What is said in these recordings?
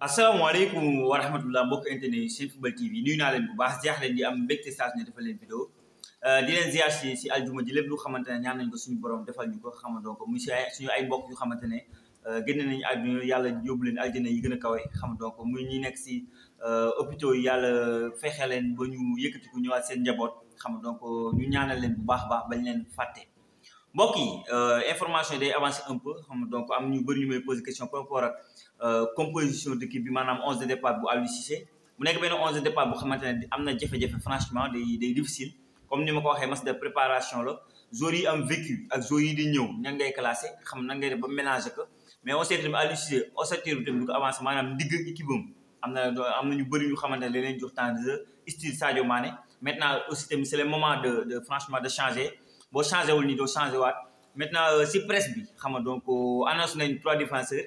asalaamaaleykum wa rahmatullah mbokk internet yi Senfootball TV nuyu naa leen bu baax jeex leen di am mbégte saa su defal leen vidéo euh, di leen ziar si si aljuma ji lépp lu xamante ne ñaan nañ ko suñu borom defal ñu ko xamandoo ko ay suñu ay xamante ne euh, génne nañu àdduna yàlla yóbbu leen aljana yi gën a kawe xamandoo ko muy ñi nekk si euh, hôpitaux yi yàlla fexe leen ba ñu yëkkatiku ñëwaat seen njaboot xamandoo ko ñu ñaanal leen bu baax baax bañ leen fàtte. mbokk yi information yi day peu xam donc am ñu bëri ñu may poser question par rapport Euh, composition d'équipe bi maanaam onze de départ bu Aliou Cissé mu nek ben 11 de départ bu xamante amna am na franchement day day difficile comme ni ma ko waxee match de préparation la joueurs yi am vécu ak joueurs yi di ñëw nan ngay classé xam na ngay ba mélanger ko mais on sait tamit Aliou Cissé on sait tamit du ko avancé maanaam digg équipe am amna na ñu bëri ñu xamante ne jox temps de style Sadio Mané maintenant au tamit c'est le moment de de franchement de changer bo changé wul nii doo changé waat maintenant euh, si presse bi xam nga donc euh, annonce nañ trois défenseurs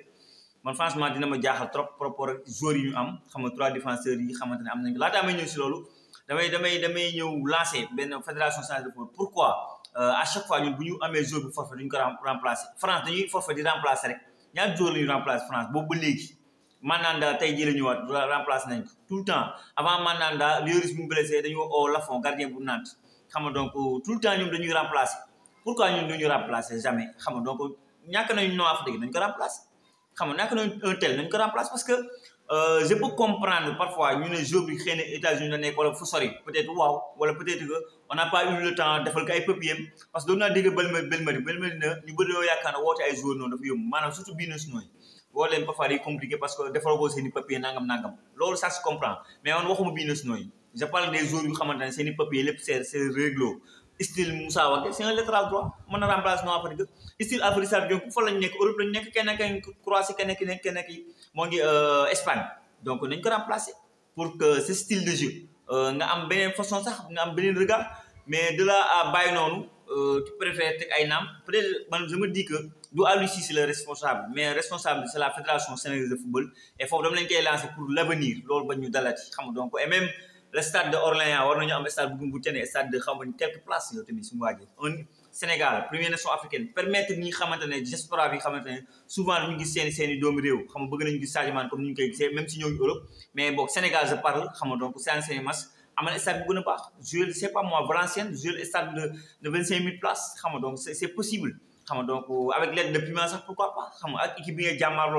man franchement dina ma jaaxal trop par rapport joueurs yi ñu am xam nga trois défenseurs yi xamante ne am nañ ko may ñëw si loolu damay damay damay ñëw lancer benn fédération sénégalaise de football pourquoi euh, à chaque fois ñun bu ñu amee joueur bi forfait duñu ko remplacer France dañuy forfait di remplacer rek ñaar joueur la ñu remplacer France boobu ba léegi Mandanda tay jii la ñu remplacer nañ ko tout le temps avant Mandanda Lloris mu blessé dañu oo Lafond gardien bu Nantes xam donc tout le temps ñoom dañuy remplacer pourquoi ñun duñu remplacer jamais xam nga donc ñàkk nañu noo Afrique dañ ko remplacer xam nga naka noonu un tel nañ ko remplace parce que euh, je peux comprendre parfois ñu ne jour bi xëy na États-Unis la nekk wala fu sori peut-être waaw wala peut-être que on a pas eu le temps defal ko ay papiers parce que doon naa dégg Belmadi Belmadi Belmadi na ñu bëri yoo yaakaar ne woote ay jour noonu dafa yomb maanaam surtout bii na si nooy woo leen parfois day compliqué parce que defal ko seen i papiers nangam nangam loolu ça se comprend mais on waxuma bii na si nooy je parle des jours yu xamante ne seen i papiers lépp c'est c'est réglo style Moussa Wagué c'est un latéral droit mën na remplacer non Afrique style Afrique Sarr Diop fa lañ nekk Europe lañ nekk kenn kañ Croatie kenn ki nekk kenn ki moo ngi euh, Espagne donc nañ ko remplacer pour que ce style de jeu euh, nga am beneen façon sax nga am beneen regard mais de là à bàyyi noonu euh, tu préfères teg ay naam peut-être man je me dis que du Aliou Cissé le responsable mais responsable c'est la fédération sénégalaise de football et foofu dama lañ koy lancer pour l'avenir loolu ba ñu dalati xam donc et même le stade de Orléans war nañu am stade bu bu tene stade de xam quelques places yo tamit suñu waa ji Sénégal première nation africaine permettre ñi xamante ne diaspora bi xamante souvent ñu gis seeni seeni doomi réew xam bëgg nañu gis Sadio Mané comme ñu koy gisee même si ñooñu Europe mais bok Sénégal je parle xam nga donc seen seeni match amal stade bu gën a baax jouer c'est pas moi Valenciennes jouer stade de de 25000 places xam donc c'est c'est possible donc avec l'aide de Piment ça pourquoi pas xam ak équipe bi nga jàmmaar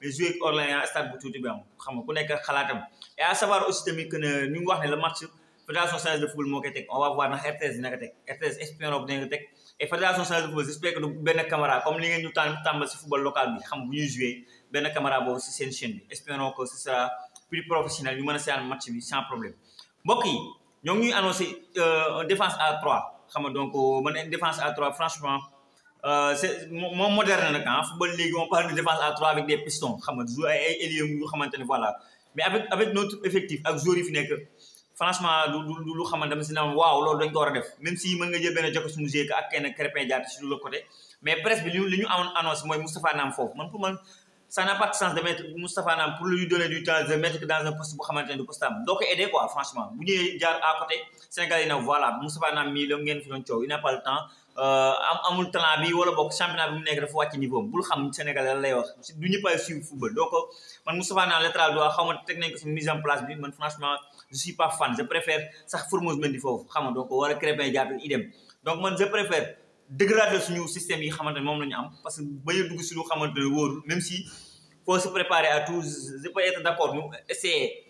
mais jouer avec Orléans stade bu tuuti bi am xam ku nek khalatam et à savoir aussi tamit que ne ñu wax ne le match fédération sénégalaise de football moo koy on va voir ndax RTS dina ko tek RTS Espion Europe dina ko tek et fédération sénégalaise de football j'espère que du benn caméra comme li ngeen ñu tàn tàmbal ci football local bi xam bu ñuy jouer ben caméra bo ci sen chaîne bi espérons que ce sera plus professionnel ñu mën a match bi sans problème mbokk yi ñoo ngi ñuy euh, défense à 3 xam donc euh, man défense à 3 franchement euh, c'est moins moderne nag ah. football léegi on parle de défense à trois avec des pistons xam nga ay ailier yu xamante voilà mais avec avec notre effectif ak joueurs fi franchement du du lu xamante ne si na waaw loolu dañ ko wara def même si meun nga jël benn jokkoo suñu GIE ak kenn Krépin Diatta si le côté mais presque bi ñu li ñu annonce moy Moustapha Nam foofu man pour man ça n'a pas de sens de mettre Moustapha Nam pour lui donner du temps de mettre dans un poste bu xamante du poste am doko aider quoi franchement bu ñëwee jaar à côté sénégalais na voilà Moustapha Nam mi la ngeen fi doon ciow il n'a pas le temps. Euh, am amul talent bi wala bokk championnat bi mu nekk dafa wàcc niveau bul xam Sénégal lan lay wax du ñu a suivre football donc man Moustapha Name latéral droit xaw ma teg nañ ko si mise en place bi man franchement je suis pas fan je préfère sax Formose Mendy foofu xam nga donc wala Krépin Diatta idem donc man je préfère dégrader suñu système yi xamante ne moom la ñu am parce que ba a dugg si lu xamante ne wóorul même si faut se préparer à tout je peux être d'accord ñu essayer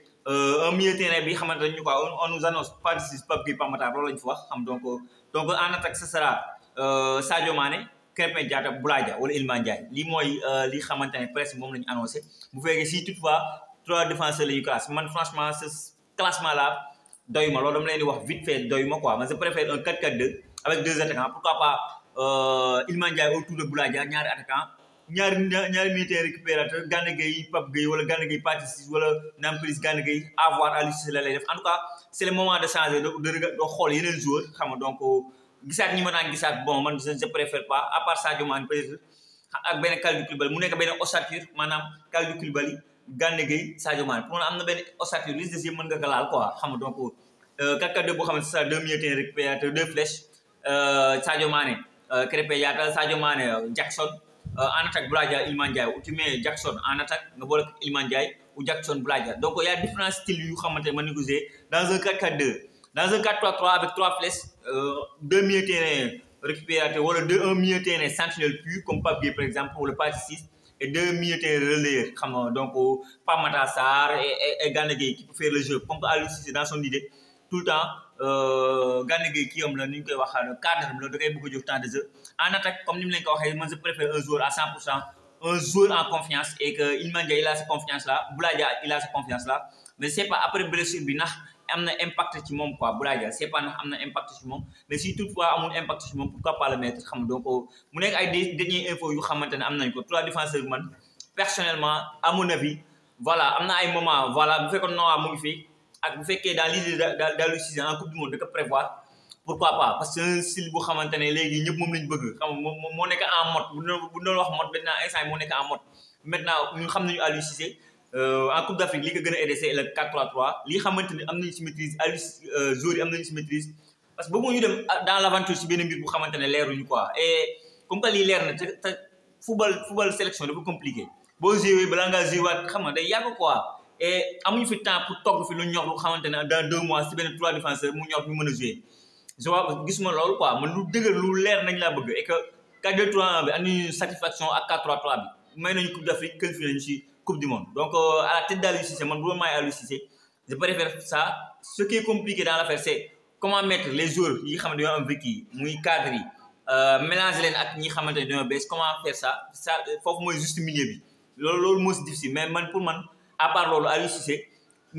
Euh, un milieu terrain bi xamantani ñu quoi on nous annonce pas de six Pape Gueye Pape Matar loolu la wax xam donc donc en attaque ce sera euh, Sadio Mané Krépin Diata Boulaye Dia wala Diaye li moy mooy euh, li xamantani presse mom lañ la annoncé bu fekkee si toutefois trois défenseurs la ñu classe man franchement ce classement là doyuma loolu dama leen di wax vite fait doyuma quoi mais je préfère un 4-4-2 avec deux attaquants pourquoi pas euh, Iliman Diaye autour de Boulaye Dia ñaari attaquants. ñaari ñaari militaire récupérateur Gana Gueye Pape Gueye wala Gana Gueye Pathé Ciss wala Nampalys Gana Gueye avoir à l'issue la lay def en tout cas le moment de changer de xool yeneen joueur xam donc gisaat ñi ma bon man je préfère pas à part Sadio Mané peut être ak benn Kalidou Koulibaly mu nekk benn ossature maanaam Kalidou Koulibaly Gana Gueye Sadio Mané pour man am na benn ossature liste des yëpp mën nga ko laal quoi xam nga donc 4-4-2 euh, boo xam ne c'est ça deux militaires récupérateurs deux flèches euh, Sadio Mané euh, Krépin Diatta Sadio Mané Jackson en attaque il mangeait, ou tu mets Jackson en attaque nga bolé ou Jackson Boulaye donc il y a différents styles yu xamanté dans un 4-4-2 dans un 4-3-3 avec trois flèches euh, deux milieux terrain récupérateurs ou deux un milieu terrain sentinelle pur comme Pape par exemple pour le participe, et deux milieux terrain relais comme donc euh, pas Sar et et qui peut faire le jeu comme Aliou Cissé dans son idée tout le temps. Euh, Gana Gueye kii la ni koy wax cadre am la da koy bëgg a jox temps de jeu en attaque comme ni waxee man je préfère un joueur à 100 pour cent un joueur en confiance et que Iliman Ndiaye il a sa confiance là Boulaye Dia il a sa confiance là mais c'est pas après blessure impact ci moom quoi Boulaye Dia c'est pas xam donc mu nekk ay dernier info yu xamante am nañ ko trois défenseurs man personnellement à mon avis voilà am na ay moment voilà bu fekkoon Noah mu ak bu fekkee dans l'idée dans dans le season en coupe du monde da ko prévoir pourquoi pas parce que un style bu xamante ne léegi ñëpp moom lañ bëgg xam moom moo nekk en mode bu doon bu doon wax mode maintenant instant yi moo nekk en mode maintenant ñun xam nañu Aliou Cissé euh, en coupe d' li ko gën a aidé c'est le 4 3 li xamante ne am nañu si maîtrise Aliou euh, joueurs yi am nañu si maîtrise parce que bëgguñu dem dans l' aventure si benn mbir bu xamante ne leeruñu quoi et comme que lii leer na te te football football boo joué balaa ngaa joué waat xam nga day yàgg et amuñu fi temps pour togg fi lu ñor lu xamante dans deux mois si benn trois défenseurs mu ñor ñu mën jouer je vois je loolu quoi man lu dëgër lu leer nañ laa bëgg et que 4-2-3-1 bi une satisfaction à 4-3-3 bi may nañu coupe d'Afrique qualifié nañu ci coupe du monde donc euh, à la tête d'Aliou l'UCC, je ne peux pas faire ça ce qui est compliqué dans l'affaire c'est comment mettre les joueurs yi nga xam ne am vécu muy cadre yi euh, mélanger leen ak ñi nga xamante ne un baisse. comment faire ça ça faut juste milieu bi loolu difficile mais pour man à part lolu Aliou Cissé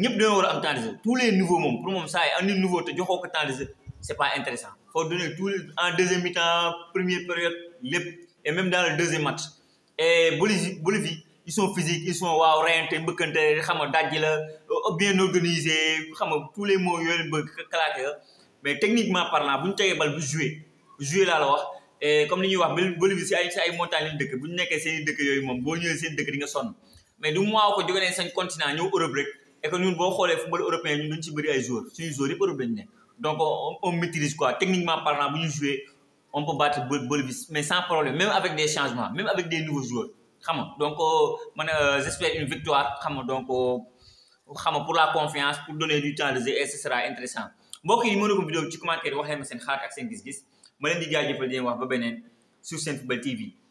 ñëpp dañoo war am temps de jeu tous les nouveaux moom pour moom ça yi andi nouveau te joxoko ko temps de jeu pas intéressant faut donner tout les en deuxième mi-temps première période lépp et même dans le deuxième match et Bolivie Bolivie ils sont physiques ils sont waaw reyante mbëkkante xam nga dajji la euh, bien organisé xam nga tous les mots yooyu bëgg claqué mais techniquement parlant bu ñu bal bu jouer, jouer là la wax et comme ni ñuy wax Bolivie si ay montagne ay montagnes lañu dëkk bu ñu nekkee seen i dëkk yooyu seen di nga sonn mais du moment que jóge nañ continent ñëw Europe rek et que ñun boo xoolee football européen ñun duñ ci à ay joueurs suñu joueurs yëpp Europe lañ donc on maîtrise quoi techniquement parlant bu ñu joué on peut battre Bolivie mais sans problème même avec des changements même avec des nouveaux joueurs xam nga donc euh, man euh, j'espère une victoire xam nga donc euh, xam nga pour la confiance pour donner du temps de jeu et ce sera intéressant bon yi mën na ko vidéo ci commentaire wax leen ma seen xalaat ak seen gis-gis ma leen di jaajëfal di leen wax ba beneen sur Saint-Football TV.